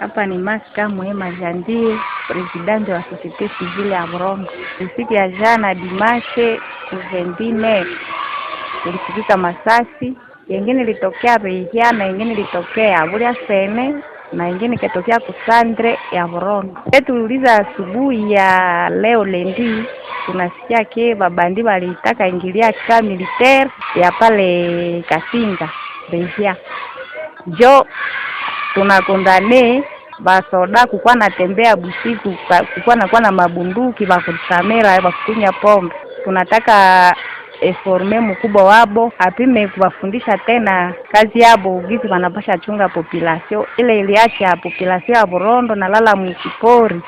Hapa ni Masika Muhema Jandie, presidente wa societe civile ya Mrongo. Siku ya jana dimashe kuvendine ilisikika masasi yengine ilitokea Beihya na yengine ilitokea Abulya Sene na yengine ikatokea kusandre ya Mrongo. Tuliuliza asubuhi ya leo lendi, tunasikia ke babandi walitaka ingilia ka militaire ya pale Kasinga Beihya jo tunakondane basoda kukuwa natembea busiku kukuwa nakuwa na mabunduki bakutamera bakukunya pombe tunataka eforme eh, mkubwa wabo apime kuwafundisha tena kazi yabo gizi wanapasha chunga population ile iliacha population ya Burondo na lala mkipori